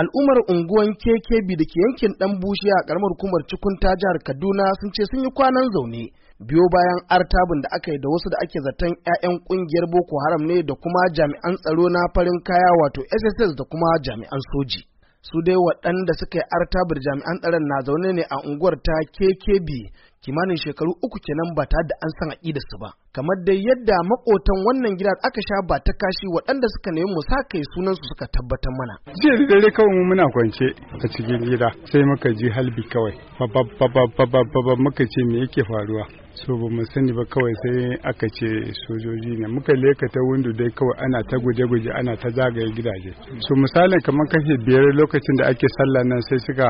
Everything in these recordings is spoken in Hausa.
al'ummar unguwan KKB da ke yankin dan bushe a karamar hukumar cikunta jihar Kaduna sun ce sun yi kwanan zaune biyo bayan artabin da aka yi da wasu da ake zaton 'ya'yan kungiyar Boko Haram ne da kuma jami'an tsaro na farin kaya wato SSS da kuma jami'an soji. su dai waɗanda suka yi artabar jami'an tsaron na zaune ne a unguwar ta KKB kimanin shekaru uku kenan ba tare da an san aƙidar su ba kamar dai yadda makotan wannan gida aka sha ba ta kashi waɗanda suka nemi mu sakai sunan su suka tabbatar mana jiya da dare kawai mu muna kwance a cikin gida sai muka ji halbi kawai babba babba babba muka ce me yake faruwa so ba mu sani ba kawai sai aka ce sojoji ne muka leka ta windo dai kawai ana ta guje-guje ana ta zagaye gidaje so misalin kamar kashe biyar lokacin da ake sallah nan sai suka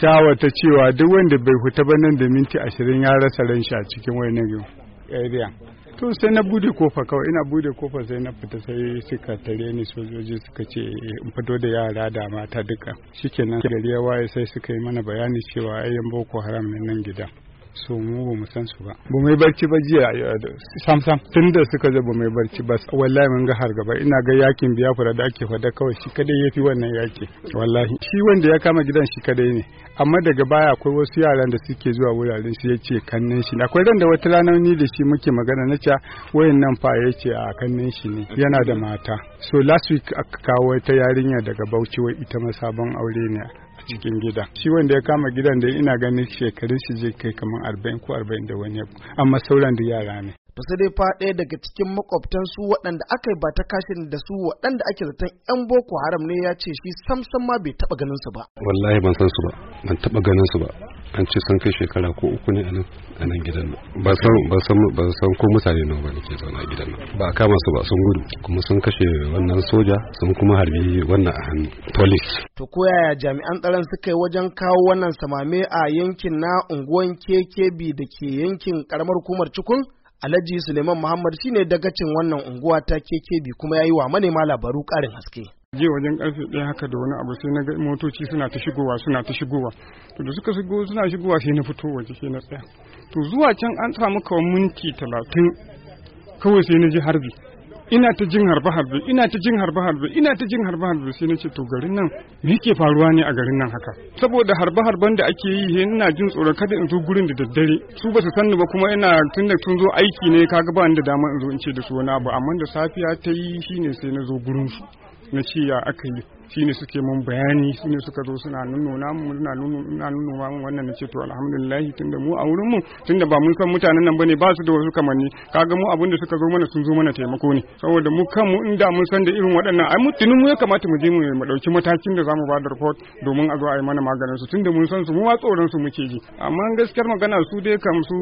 shawata cewa duk wanda bai huta ba nan da minti ashirin ya rasa ran shi a cikin wayannan area to sai na bude kofa kawai ina bude kofa sai na fita sai suka tare ni sojoji suka ce eh, in fito da yara da mata duka shikenan gari ya waye sai suka yi mana bayani cewa ayyan boko haram ne nan gida so mu ba mu san su ba ba mai barci ba jiya sam sam tun da suka zo ba mai barci ba wallahi mun ga har gaba ina ga yakin biyafura da ake fada kawai shi kadai yafi wannan yaki wallahi shi wanda ya kama gidan shi kadai ne amma daga baya akwai wasu yaran da suke zuwa wuraren su yace kannin shi akwai ran da wata rana ni da shi muke magana na cewa wayan nan fa yace a kannin shi ne yana da mata so last week aka kawo ta yarinya daga Bauchi wai ita ma sabon aure ne cikin gida shi wanda ya kama gidan da ina ganin shekarun shi zai kai kamar arba'in ko arba'in da wani amma sauran da yara ne dai fa ɗaya daga cikin makwabtan su waɗanda aka yi ba ta kashin da su waɗanda ake zaton yan boko haram ne ya ce shi samsam ma bai taɓa ganin su ba wallahi ban san su ba ban taɓa ganin su ba an ce sun kai shekara ko uku ne a nan gidan nan ba san ba san ba san ko mutane nawa ba ke zauna a gidan nan ba kama su ba sun gudu kuma sun kashe wannan soja sun kuma harbi wannan a hannu police to ko yaya jami'an tsaron suka yi wajen kawo wannan samame a yankin na unguwan kekebi da ke yankin karamar hukumar Cikun Alhaji Suleiman Muhammad shine dagacin wannan unguwa ta KKB kuma yayi wa manema labaru ƙarin haske. je wajen karfe ɗaya haka da wani abu sai na ga motoci suna ta shigowa suna ta shigowa to da suka shigo suna shigowa sai na fito waje sai na tsaya to zuwa can an samu kawai minti talatin kawai sai na ji harbi ina ta jin harbe-harbe ina ta jin harbe-harbe ina ta jin harbe-harbe sai na ce to garin nan me yake faruwa ne a garin nan haka saboda harbe-harben da ake yi he ina jin tsoro kada in zo gurin da daddare su ba su sanni ba kuma ina tunda tun zo aiki ne kaga ba ni da dama in zo in ce da su wani abu amma da safiya ta yi shine sai na zo gurin su na ce ya aka yi ne suke mun bayani ne suka zo suna nunnuna mu suna nunnuna nunnuna mu wannan nace to alhamdulillah tunda mu a wurin mu tunda ba mun san mutanen nan bane ba su da wasu kamanni kaga mu abin da suka zo mana sun zo mana taimako ne saboda mu kanmu inda mun san da irin waɗannan ai mutunin mu ya kamata mu je mu mu dauki matakin da zamu ba da report domin a zo a yi mana maganin su tunda mun san su mu ma tsoron su muke ji amma gaskiyar magana su dai kam su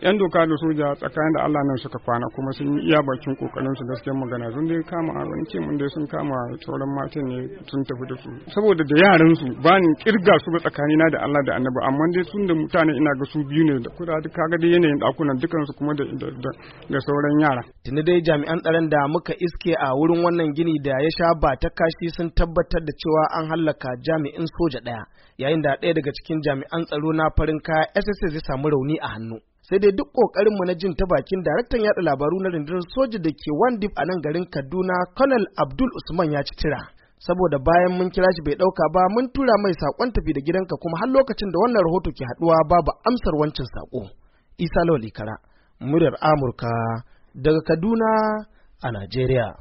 yan doka da soja tsakanin da Allah nan suka kwana kuma sun yi iya bakin kokarin su gaskiyar magana sun dai kama a wani mun dai sun kama tsoron ma kamata ne sun tafi da su saboda da yaran su ba ni kirga su ba tsakanina da Allah da Annabi amma dai sun da mutane ina ga su biyu ne da kuda duk kaga dai yanayin dakunan dukan su kuma da da sauran yara tunda dai jami'an tsaron da muka iske a wurin wannan gini da ya sha ba ta kashi sun tabbatar da cewa an hallaka jami'in soja daya yayin da ɗaya daga cikin jami'an tsaro na farin kaya SSS ya samu rauni a hannu sai dai duk mu na jin ta bakin daraktan yada labaru na rundunar soja da ke dip a nan garin kaduna colonel abdul usman ya ci tira saboda bayan mun kira shi bai ɗauka ba mun tura mai saƙon tafi da gidanka kuma har lokacin da wannan rahoto ke haɗuwa babu amsar wancan saƙo. Isa Lawal kara muryar Amurka daga Kaduna a Najeriya.